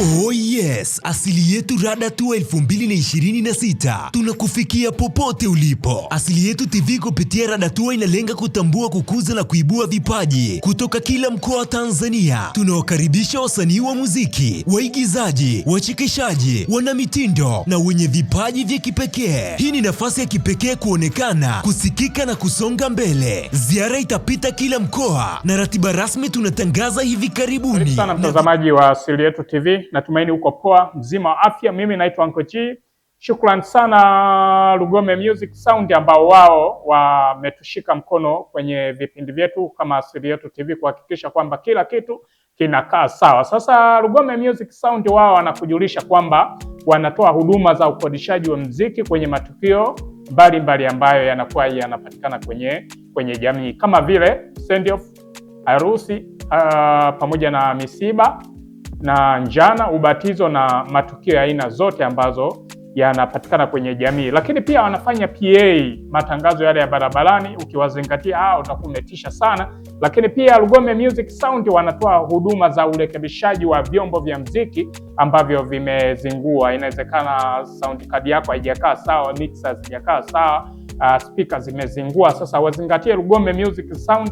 Oh yes, Asili Yetu Rada Tour 2026 tunakufikia popote ulipo. Asili Yetu TV kupitia Rada Tour inalenga kutambua, kukuza na kuibua vipaji kutoka kila mkoa wa Tanzania. Tunawakaribisha wasanii wa muziki, waigizaji, wachekeshaji, mitindo na wenye vipaji vya kipekee. Hii ni nafasi ya kipekee kuonekana, kusikika na kusonga mbele. Ziara itapita kila mkoa na ratiba rasmi tunatangaza hivi karibuni. Sana mtazamaji wa Asili Yetu TV Natumaini uko poa mzima wa afya. Mimi naitwa Anko G. Shukrani sana Lugome Music Sound ambao wao wametushika mkono kwenye vipindi vyetu kama Asili Yetu TV kuhakikisha kwamba kila kitu kinakaa sawa. Sasa Lugome Music Sound wao wanakujulisha kwamba wanatoa huduma za ukodishaji wa mziki kwenye matukio mbalimbali ambayo yanakuwa yanapatikana kwenye kwenye jamii kama vile send off, harusi, uh, pamoja na misiba na njana, ubatizo na matukio ya aina zote ambazo yanapatikana kwenye jamii, lakini pia wanafanya PA matangazo yale ya barabarani. Ukiwazingatia ah, utakuwa umetisha sana. Lakini pia Lugome Music Sound wanatoa huduma za urekebishaji wa vyombo vya mziki ambavyo vimezingua. Inawezekana sound card yako haijakaa sawa, mixers haijakaa sawa uh, ah, spika zimezingua. Sasa wazingatie Lugombe Music Sound,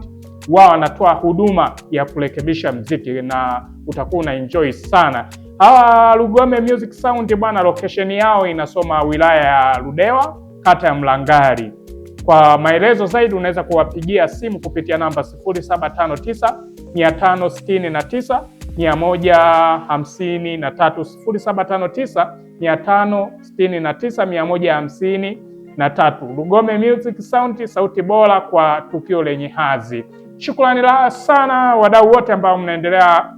wao wanatoa huduma ya kurekebisha mziki na utakuwa una enjoy sana. Hawa Lugombe Music Sound bwana, location yao inasoma wilaya ya Ludewa, kata ya Mlangari. Kwa maelezo zaidi unaweza kuwapigia simu kupitia namba 0759 na tatu. Lugome Music Sound, sauti bora kwa tukio lenye hadhi. Shukrani la sana wadau wote ambao mnaendelea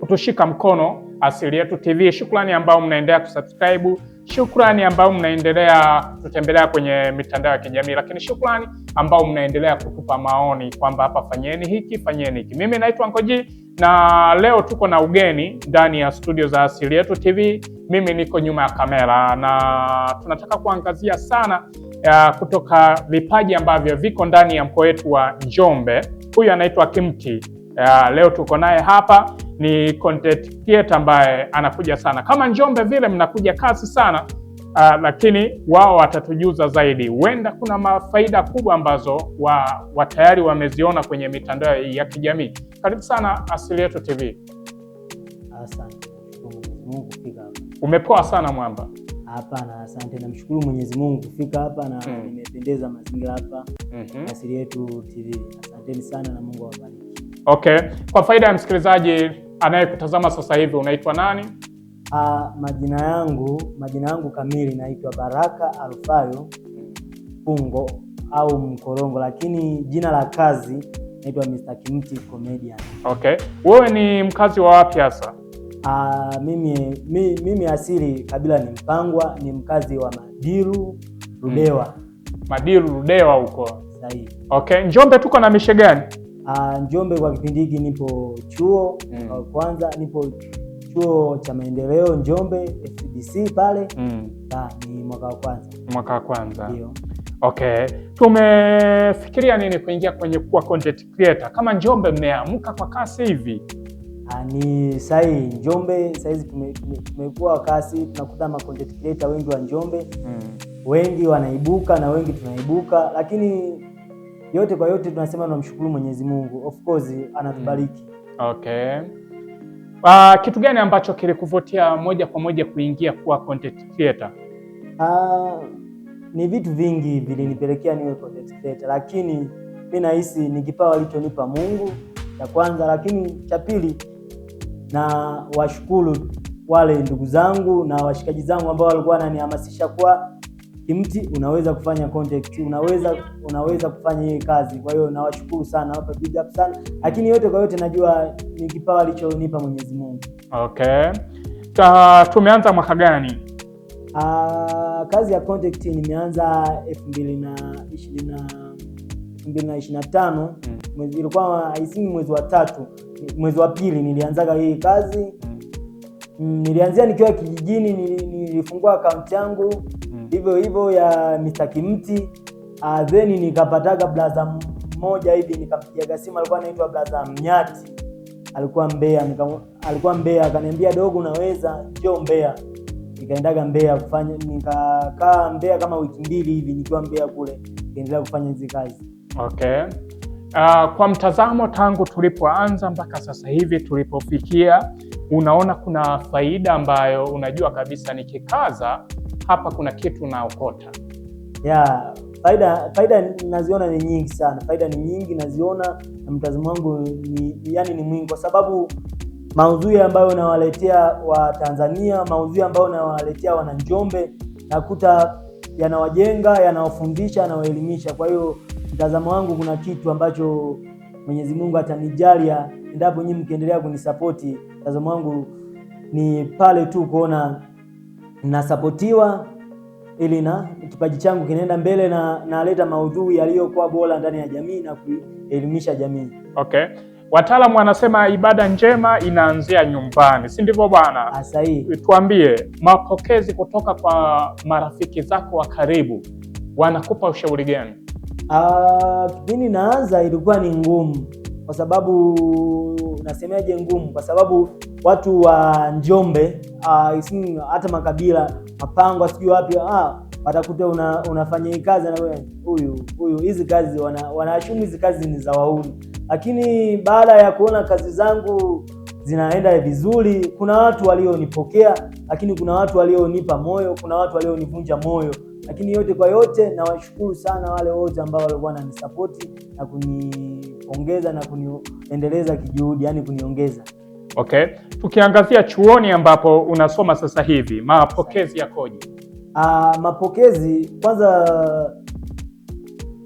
kutushika mkono Asili Yetu TV, shukrani ambao mnaendelea kusubscribe Shukrani ambao mnaendelea kutembelea kwenye mitandao ya kijamii, lakini shukrani ambao mnaendelea kutupa maoni kwamba hapa fanyeni hiki, fanyeni hiki. Mimi naitwa Nkoji na leo tuko na ugeni ndani ya studio za Asili Yetu TV. Mimi niko nyuma ya kamera na tunataka kuangazia sana ya kutoka vipaji ambavyo viko ndani ya mkoa wetu wa Njombe. Huyu anaitwa Kimti Uh, leo tuko naye hapa ni content creator ambaye anakuja sana kama Njombe vile mnakuja kasi sana uh, lakini wao watatujuza zaidi. Huenda kuna mafaida kubwa ambazo wa, wa tayari wameziona kwenye mitandao ya kijamii. Karibu sana Asili Yetu TV. Asante. Mungu kufika hapa. Umepoa sana mwamba. Hapana, asante. Namshukuru Mwenyezi Mungu kufika hapa na hmm. nimependeza mazingira hapa. Mhm. Asili Yetu TV. Asanteni sana na Mungu awabariki. Okay, kwa faida ya msikilizaji anayekutazama sasa hivi unaitwa nani? Uh, majina yangu majina yangu kamili naitwa Baraka Alfayo Fungo au Mkorongo, lakini jina la kazi naitwa Mr. Kimti Comedian. Okay, wewe ni mkazi wa wapi hasa? Uh, mimi, mimi, mimi asili kabila ni Mpangwa, ni mkazi wa Madiru Rudewa. mm. Madiru Rudewa huko. Sahihi. Okay, Njombe tuko na mishe gani? Ah, njombe kwa kipindi hiki nipo chuo mm. Uh, kwanza nipo chuo cha maendeleo Njombe FDC pale mm. Ah, ni mwaka wa kwanza, mwaka wa kwanza. Ndio. Okay, tumefikiria nini kuingia kwenye kuwa content creator kama Njombe mmeamka kwa kasi hivi? Ha, ah, ni sahi Njombe sahizi tumekuwa kasi, tunakuta ma content creator wengi wa Njombe mm. wengi wanaibuka na wengi tunaibuka, lakini yote kwa yote tunasema tunamshukuru Mwenyezi Mungu, of course anatubariki. Mm. Okay. Uh, kitu gani ambacho kilikuvutia moja kwa moja kuingia kuwa content creator? Uh, ni vitu vingi vilinipelekea niwe content creator, lakini mi nahisi ni kipawa alichonipa Mungu cha kwanza, lakini cha pili na washukuru wale ndugu zangu na washikaji zangu ambao walikuwa wananihamasisha kuwa Kimti unaweza kufanya contact, unaweza unaweza kufanya hii kazi. Kwa hiyo nawashukuru sana, wapa big up sana, lakini yote kwa yote najua ni kipawa alichonipa Mwenyezi Mungu. Okay, ta tumeanza mwaka gani? Aa, ah, kazi ya contact nimeanza elfu mbili na ishirini na ishirini mm. mwezi ilikuwa mwezi wa tatu mwezi wa pili nilianzaga hii kazi. Mm. Mm, nilianzia nikiwa kijijini, nilifungua akaunti yangu hivyo hivyo ya Mr. Kimti. Uh, ah, then nikapataga blaza mmoja hivi nikampigaga simu, alikuwa anaitwa blaza Mnyati, alikuwa Mbeya, alikuwa Mbeya, akaniambia dogo, unaweza njoo Mbeya. Nikaendaga Mbeya kufanya, nikakaa Mbeya kama wiki mbili hivi, nikiwa Mbeya kule nikaendelea kufanya hizi kazi. Okay. Uh, kwa mtazamo tangu tulipoanza mpaka sasa hivi tulipofikia, unaona kuna faida ambayo unajua kabisa nikikaza hapa kuna kitu naokota? Yeah, faida faida naziona ni nyingi sana, faida ni nyingi naziona, na mtazamo wangu ni yani ni mwingi, kwa sababu maudhui ambayo nawaletea Watanzania, maudhui ambayo nawaletea Wananjombe nakuta yanawajenga, yanawafundisha, yanawaelimisha. Kwa hiyo mtazamo wangu kuna kitu ambacho Mwenyezi Mungu atanijalia endapo nyinyi mkiendelea kunisapoti. Mtazamo wangu ni pale tu kuona nasapotiwa ili na kipaji changu kinaenda mbele na naleta maudhui yaliyokuwa bora ndani ya jamii na kuelimisha jamii. Okay, wataalamu wanasema ibada njema inaanzia nyumbani, si ndivyo bwana? Ah, sahihi. Tuambie, mapokezi kutoka kwa marafiki zako wa karibu wanakupa ushauri gani? Ah, kipindi naanza ilikuwa ni ngumu kwa sababu nasemaje, ngumu kwa sababu watu wa Njombe ah, hata makabila Mapangwa sijui wapi ah, watakuta una, unafanya hii kazi na wewe huyu huyu, hizi kazi wanaashumu hizi kazi ni za wauni lakini baada ya kuona kazi zangu zinaenda vizuri, kuna watu walionipokea, lakini kuna watu walionipa moyo, kuna watu walionivunja moyo, lakini yote kwa yote nawashukuru sana wale wote ambao walikuwa wananisapoti na kuni kuniongeza na kuniendeleza kijuhudi, yani kuniongeza. Okay, tukiangazia chuoni ambapo unasoma sasa hivi, mapokezi yakoje? Uh, mapokezi kwanza,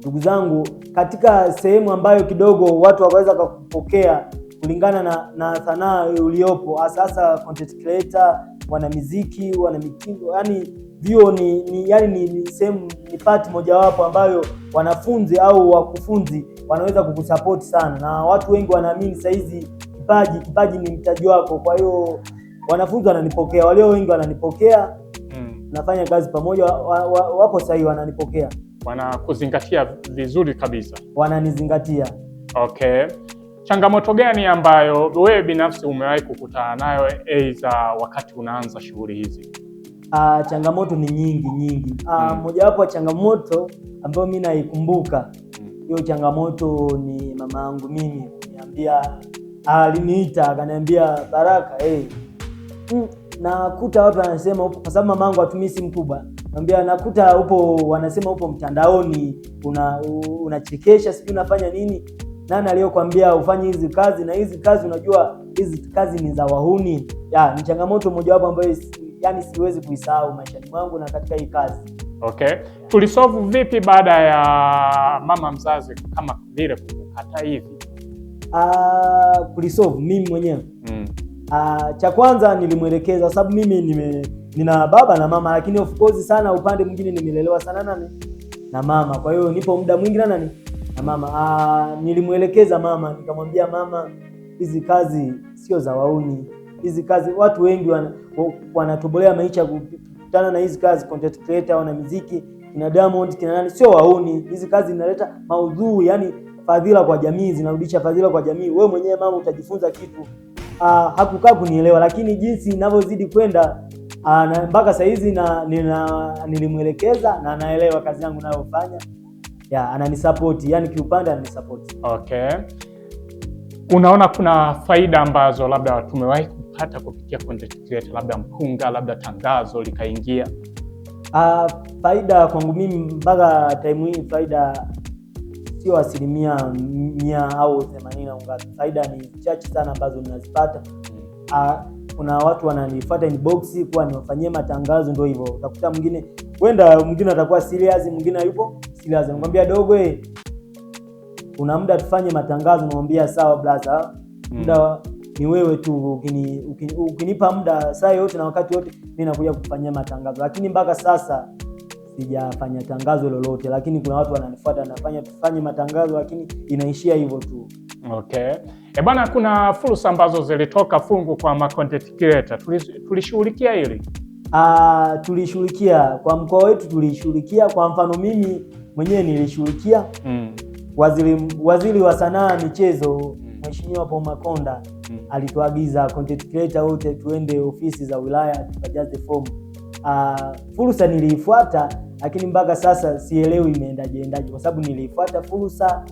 ndugu zangu, katika sehemu ambayo kidogo watu waweza kukupokea kulingana na, na sanaa uliopo hasa content creator wanamiziki, wanamitindo, yani vio ni, ni yani ni sehemu ni pati mojawapo ambayo wanafunzi au wakufunzi wanaweza kukusapoti sana, na watu wengi wanaamini saa hizi kipaji kipaji ni mtaji wako. Kwa hiyo wanafunzi wananipokea, walio wengi wananipokea mm. nafanya kazi pamoja, wa, wa, wapo sahii wananipokea, wanakuzingatia vizuri kabisa, wananizingatia. Okay changamoto gani ambayo wewe binafsi umewahi kukutana nayo aidha wakati unaanza shughuli hizi? Uh, changamoto ni nyingi nyingi. Uh, mojawapo wa changamoto ambayo mi naikumbuka hmm. hiyo changamoto ni mama yangu mimi kuniambia, ah, aliniita akaniambia, Baraka, hey, eh, mm, nakuta watu wanasema upo, kwa sababu mama yangu atumii simu kubwa, anambia nakuta upo, wanasema upo mtandaoni, una unachekesha, sijui unafanya nini nani aliyokwambia ufanye hizi kazi? Na hizi kazi unajua hizi kazi ni za wahuni. Ya, ni changamoto mojawapo ambayo yani siwezi kuisahau maishani mwangu na katika hii kazi. Okay, tulisolve vipi baada ya mama mzazi kama vile kukata hivi? Ah, kulisolve mimi mwenyewe mm. Ah, cha kwanza nilimwelekeza, sababu mimi nime, nina baba na mama, lakini of course sana upande mwingine nimelelewa sana nani na mama, kwa hiyo nipo muda mwingi na nani na mama aa, ah, nilimwelekeza mama nikamwambia mama, hizi kazi sio za wauni, hizi kazi watu wengi wana, wanatobolea maisha kukutana na hizi kazi, content creator, wana muziki kina Diamond kina nani, sio wauni. Hizi kazi zinaleta maudhui, yani fadhila kwa jamii, zinarudisha fadhila kwa jamii. Wewe mwenyewe mama utajifunza kitu. Uh, hakukaa kunielewa, lakini jinsi ninavyozidi kwenda uh, mpaka hizi na nilimwelekeza na anaelewa kazi yangu nayofanya yeah, ananisupport yani kiupande ananisupport. Okay, unaona kuna faida ambazo labda tumewahi kupata kupitia content creator, labda mpunga, labda tangazo likaingia? Uh, faida kwangu mimi mpaka time hii faida sio asilimia mia au themanini au ngapi. Faida ni chache sana ambazo ninazipata. Hmm. Ah, kuna watu wananifuata inbox kwa niwafanyie matangazo, ndio hivyo utakuta mwingine wenda, mwingine atakuwa serious, mwingine yupo kusikiliza. Nikamwambia dogo, eh, kuna muda tufanye matangazo. Namwambia sawa brother, hmm. muda ni wewe tu, ukini, ukini, ukinipa muda saa yote na wakati wote, mimi nakuja kufanyia matangazo, lakini mpaka sasa sijafanya tangazo lolote, lakini kuna watu wananifuata, nafanya tufanye matangazo, lakini inaishia hivyo tu. Okay. E bwana, kuna fursa ambazo zilitoka fungu kwa ma content creator, tulishughulikia hili? Ah, tulishughulikia kwa mkoa wetu, tulishughulikia. Kwa mfano mimi mwenyewe nilishughulikia mm. waziri, waziri wa sanaa michezo mm. Mheshimiwa Paul Makonda mm. alituagiza content creator wote tuende ofisi za wilaya tukajaze fomu. Uh, ah, fursa niliifuata, lakini mpaka sasa sielewi imeendaje endaje, kwa sababu niliifuata fursa,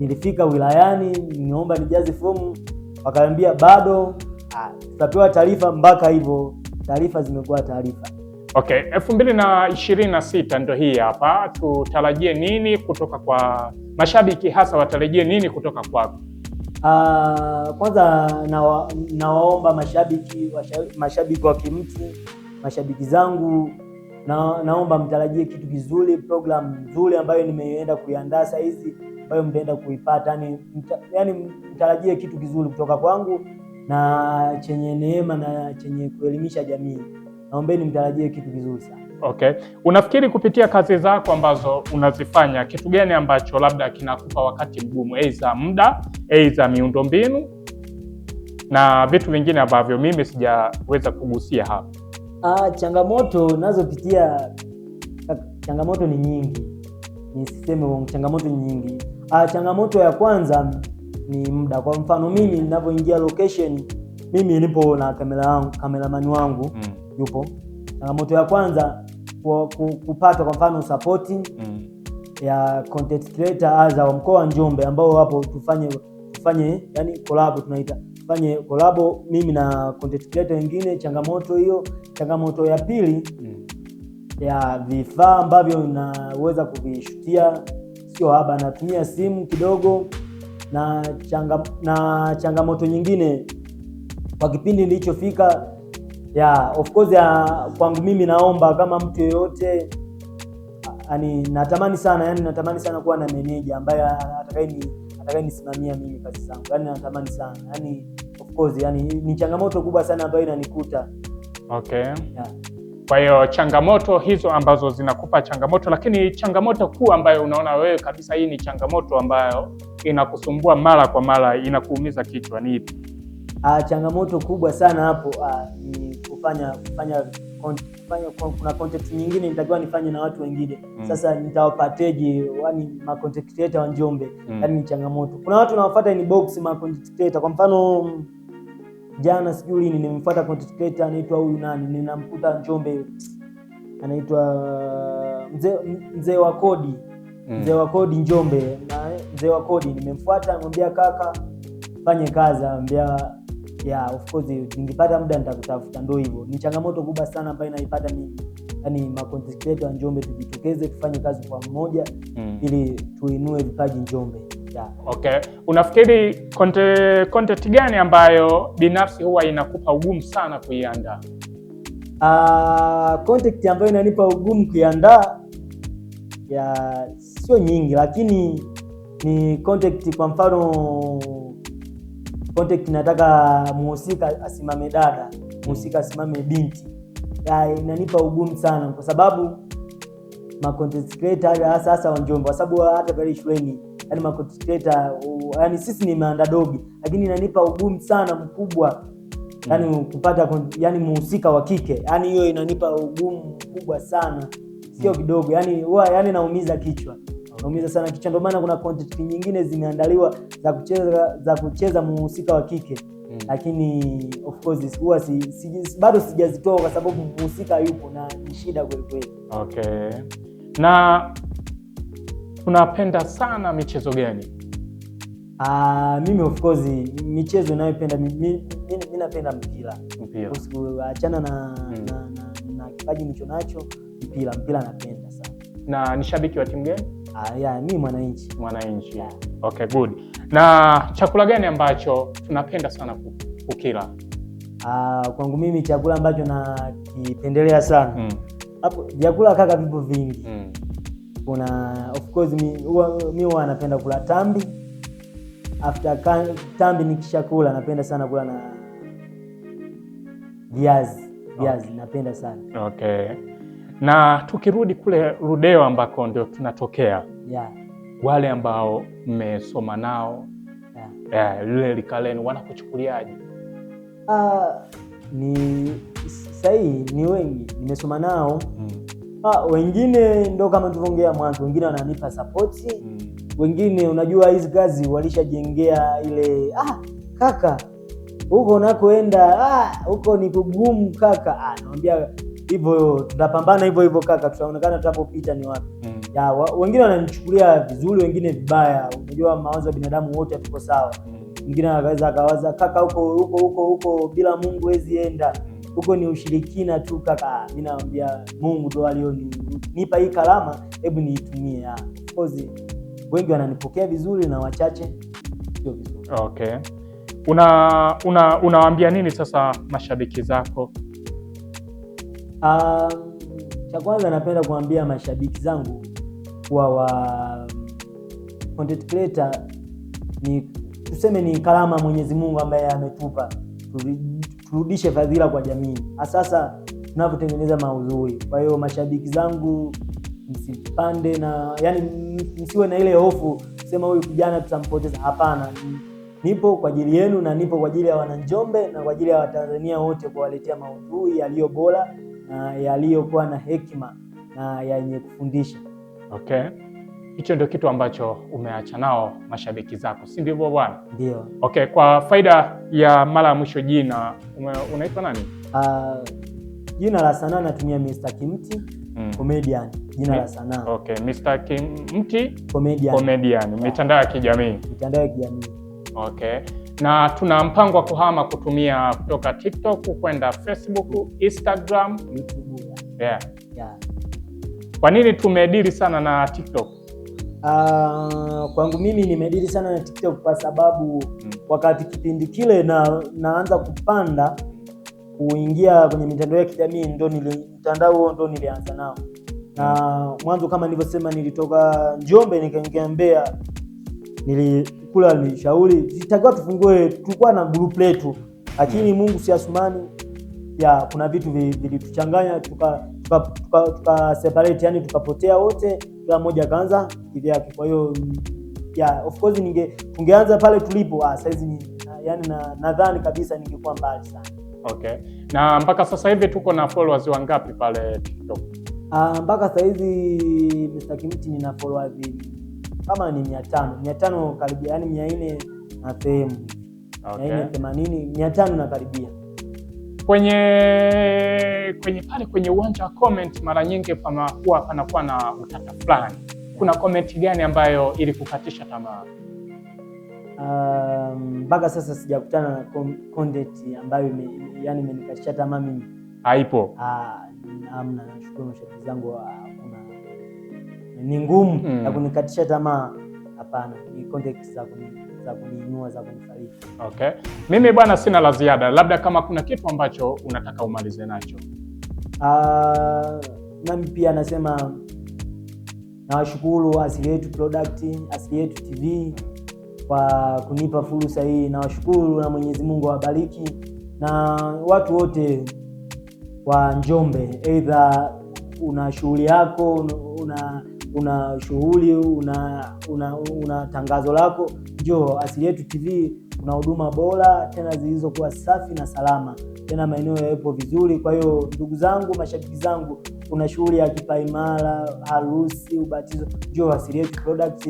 nilifika wilayani, niomba nijaze fomu, wakaniambia bado ah, tutapewa taarifa. Mpaka hivyo taarifa zimekuwa taarifa. Okay, 2026 ndo hii hapa. Tutarajie nini kutoka kwa mashabiki, hasa watarajie nini kutoka kwako? Uh, kwanza nawaomba nawaomba mashabiki mashabiki wa Kimtu, mashabiki zangu na, naomba mtarajie kitu kizuri, program nzuri ambayo nimeenda kuiandaa saa hizi ambayo mtaenda kuipata yani, mta, yani mtarajie kitu kizuri kutoka kwangu na chenye neema na chenye kuelimisha jamii naombeni mtarajie kitu kizuri sana. Okay, unafikiri kupitia kazi zako ambazo unazifanya kitu gani ambacho labda kinakupa wakati mgumu, aidha muda, aidha miundombinu na vitu vingine ambavyo mimi sijaweza kugusia hapa? Ah, changamoto nazopitia, changamoto ni nyingi, nisiseme changamoto ni nyingi. Ah, changamoto ya kwanza ni muda. Kwa mfano mimi ninapoingia location, mimi nilipo na kamera yangu, kameramani wangu mm yupo. Changamoto ya kwanza kupata kwa mfano sapoti mm. ya content creator aza ah, wa mkoa wa Njombe ambao wapo, tufanye tufanye yani collab tunaita tufanye collab mimi na content creator wengine. Changamoto hiyo. Changamoto ya pili mm. ya vifaa ambavyo naweza kuvishutia sio haba, natumia simu kidogo na, changa, na changamoto nyingine kwa kipindi nilichofika yeah, of course ya kwangu mimi naomba kama mtu yeyote ani natamani sana yani, natamani sana kuwa na meneja ambaye nisimamia mimi kazi zangu yani, natamani sana yani, of course yani, ni changamoto kubwa sana ambayo inanikuta. Okay, yeah. Kwa hiyo changamoto hizo ambazo zinakupa changamoto, lakini changamoto kuu ambayo unaona wewe kabisa, hii ni changamoto ambayo inakusumbua mara kwa mara, inakuumiza kichwa, ni ipi? Ah, changamoto kubwa sana hapo ah, ni kufanya kufanya kufanya kuna contact nyingine nitakiwa nifanye na watu wengine mm. Sasa nitawapateje? Yani ma content creator wa Njombe mm. Yani ni changamoto. Kuna watu nawafuata inbox ma content creator, kwa mfano jana sijui lini nimemfuata content creator anaitwa huyu nani, ninamkuta Njombe anaitwa mzee mzee wa kodi mm. mzee wa kodi Njombe, mzee wa kodi nimemfuata, namwambia kaka fanye kazi, anambia yeah, of course ningepata muda nitakutafuta. Ndio hivyo, ni changamoto kubwa sana ambayo inaipata ni yani ma content creator wa Njombe, tujitokeze tufanye kazi kwa mmoja mm. ili tuinue vipaji Njombe. Yeah. Okay, unafikiri content, content gani ambayo binafsi huwa inakupa ugumu sana kuiandaa? Uh, ambayo inanipa ugumu kuiandaa ya sio nyingi, lakini ni content kwa mfano Contact nataka muhusika asimame dada, muhusika asimame binti. Inanipa ugumu sana kwa sababu ma content creator hasa hasa wa Njombe, kwa sababu hata pale shuleni, yani ma content creator, yani sisi ni underdog, lakini inanipa ugumu sana mkubwa yani mm. kupata yani muhusika wa kike, yani hiyo inanipa ugumu mkubwa sana, sio mm. kidogo, yani huwa yani naumiza kichwa unaumiza sana kichwa. Ndio maana kuna content nyingine zimeandaliwa za kucheza za kucheza muhusika wa kike mm. Lakini of course huwa si, si, bado sijazitoa kwa sababu muhusika yupo na ni shida kweli kweli. Okay, na tunapenda sana michezo gani? Uh, mimi of course michezo inayopenda mimi napenda mpira, achana na, hmm. na, na, na kipaji nicho nacho mpira, mpira napenda sana. Na ni shabiki wa timu gani? Uh, yeah, mi mwananchi. Mwananchi, yeah. Okay, good. Na chakula gani ambacho tunapenda sana kukila? Uh, kwangu mimi chakula ambacho nakipendelea sana hmm. hapo mm. Vyakula kaka vipo vingi mm. Kuna of course mi huwa napenda kula tambi. After tambi nikishakula napenda sana kula na viazi viazi, okay. Napenda sana okay. Na tukirudi kule Ludewa ambako ndio tunatokea yeah. Wale ambao mmesoma nao yeah. Eh, lile likaleni wanakuchukuliaje? Uh, ni sahii ni wengi nimesoma nao mm. Ah, wengine ndo kama tulivyoongea mwanzo, wengine wananipa sapoti mm. Wengine unajua hizi kazi walishajengea ile ah, kaka huko unakoenda ah, huko ah, ni kugumu kaka, ah, naambia hivyo tutapambana hivyo hivyo kaka, tutaonekana tutapopita ni wapi. mm. Ya, wengine wananichukulia vizuri, wengine vibaya. Unajua mawazo ya binadamu wote hatuko sawa. Mm. Mwingine mm. anaweza akawaza kaka, huko huko huko huko bila Mungu wezi enda mm. huko, ni ushirikina tu kaka. Ah, mimi naambia Mungu ndo alionipa hii kalama, hebu niitumie. Of course wengi wananipokea vizuri na wachache sio vizuri. Okay, una unawaambia una nini sasa mashabiki zako Um, cha kwanza napenda kuambia mashabiki zangu kuwa wa content creator ni tuseme ni kalama Mwenyezi Mungu ambaye ametupa, turudishe fadhila kwa jamii, hasasa tunavyotengeneza maudhui. Kwa hiyo mashabiki zangu msipande na yani, msiwe na ile hofu sema huyu kijana tutampoteza. Hapana, nipo kwa ajili yenu na nipo kwa ajili ya wananjombe na kwa ajili ya Watanzania wote kuwaletea maudhui yaliyo bora na yaliyokuwa na hekima na yenye kufundisha. Okay, hicho ndio kitu ambacho umeacha nao mashabiki zako, si ndivyo bwana? Ndio. Okay, kwa faida ya mara ya mwisho, jina unaitwa nani? Uh, jina la sanaa natumia Mr. Kimti mm. comedian jina la sanaa. Okay, Mr. Kimti comedian. Comedian. Ah. Mitandao ya kijamii. Mitandao ya kijamii. Okay na tuna mpango wa kuhama kutumia kutoka TikTok kwenda Facebook, Instagram, YouTube. Yeah. Yeah. Kwa nini tumedili sana na TikTok? Uh, kwangu mimi nimedili sana na TikTok kwa sababu mm. wakati kipindi kile na naanza kupanda kuingia kwenye mitandao ya kijamii ndo mtandao huo ndo nilianza nao na mwanzo, kama nilivyosema, nilitoka Njombe nikaingia Mbeya, kule alinishauri zitakiwa tufungue, tulikuwa na group letu, lakini mm. Mungu si Asumani ya kuna vitu vilituchanganya tuka tuka, tuka, tuka separate yani tukapotea wote, kila mmoja akaanza kivyake. Kwa hiyo ya of course ninge tungeanza pale tulipo ah, saizi ni yani na nadhani kabisa ningekuwa mbali sana. Okay, na mpaka sasa hivi tuko na followers wangapi pale TikTok? Ah, mpaka sasa hivi Mr Kimiti nina followers kama ni mia tano mia tano karibia, yani mia nne na sehemu okay. mia nne themanini mia tano na karibia kwenye kwenye pale kwenye uwanja wa comment, mara nyingi panakuwa panakuwa na utata fulani. Kuna comment gani ambayo ilikukatisha tamaa? Um, mpaka um, sasa sijakutana na content ambayo me, yani imenikatisha tamaa mimi, haipo. Ah, namna nashukuru mashabiki zangu, hakuna ni ngumu mm. na kunikatisha tamaa. Hapana, ni context za za kuniinua za kunifariji. Okay, mimi bwana, sina la ziada, labda kama kuna kitu ambacho unataka umalize nacho. Uh, nami pia nasema nawashukuru Asili Yetu Product, Asili Yetu TV kwa kunipa fursa hii. Nawashukuru na Mwenyezi Mungu awabariki na watu wote wa Njombe, aidha una shughuli yako una una shughuli, una, una, una tangazo lako, njoo Asili Yetu TV. Kuna huduma bora tena zilizokuwa safi na salama, tena maeneo yawepo vizuri. Kwa hiyo ndugu zangu, mashabiki zangu, kuna shughuli ya kipaimara, harusi, ubatizo, njoo Asili Yetu Products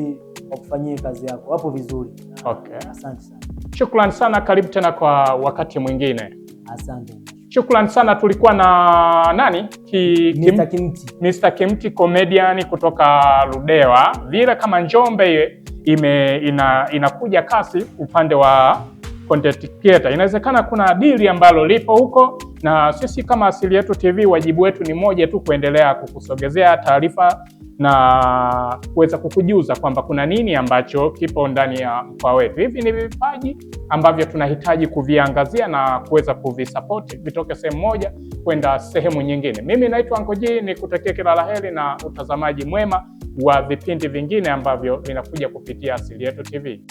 wakufanyie kazi yako, wapo vizuri. Okay. Asante sana, shukrani sana, karibu tena kwa wakati mwingine, asante. Shukrani sana. Tulikuwa na nani? Ki, Mr. Kimti. Mr. Kimti comedian kutoka Ludewa. Vile kama Njombe ime, ina, inakuja kasi upande wa content creator, inawezekana kuna dili ambalo lipo huko, na sisi kama Asili Yetu TV wajibu wetu ni moja tu, kuendelea kukusogezea taarifa na kuweza kukujuza kwamba kuna nini ambacho kipo ndani ya mkoa wetu. Hivi ni vipaji ambavyo tunahitaji kuviangazia na kuweza kuvisapoti vitoke sehemu moja kwenda sehemu nyingine. Mimi naitwa Ngoji, ni kutakia kila la heri na utazamaji mwema wa vipindi vingine ambavyo vinakuja kupitia Asili Yetu TV.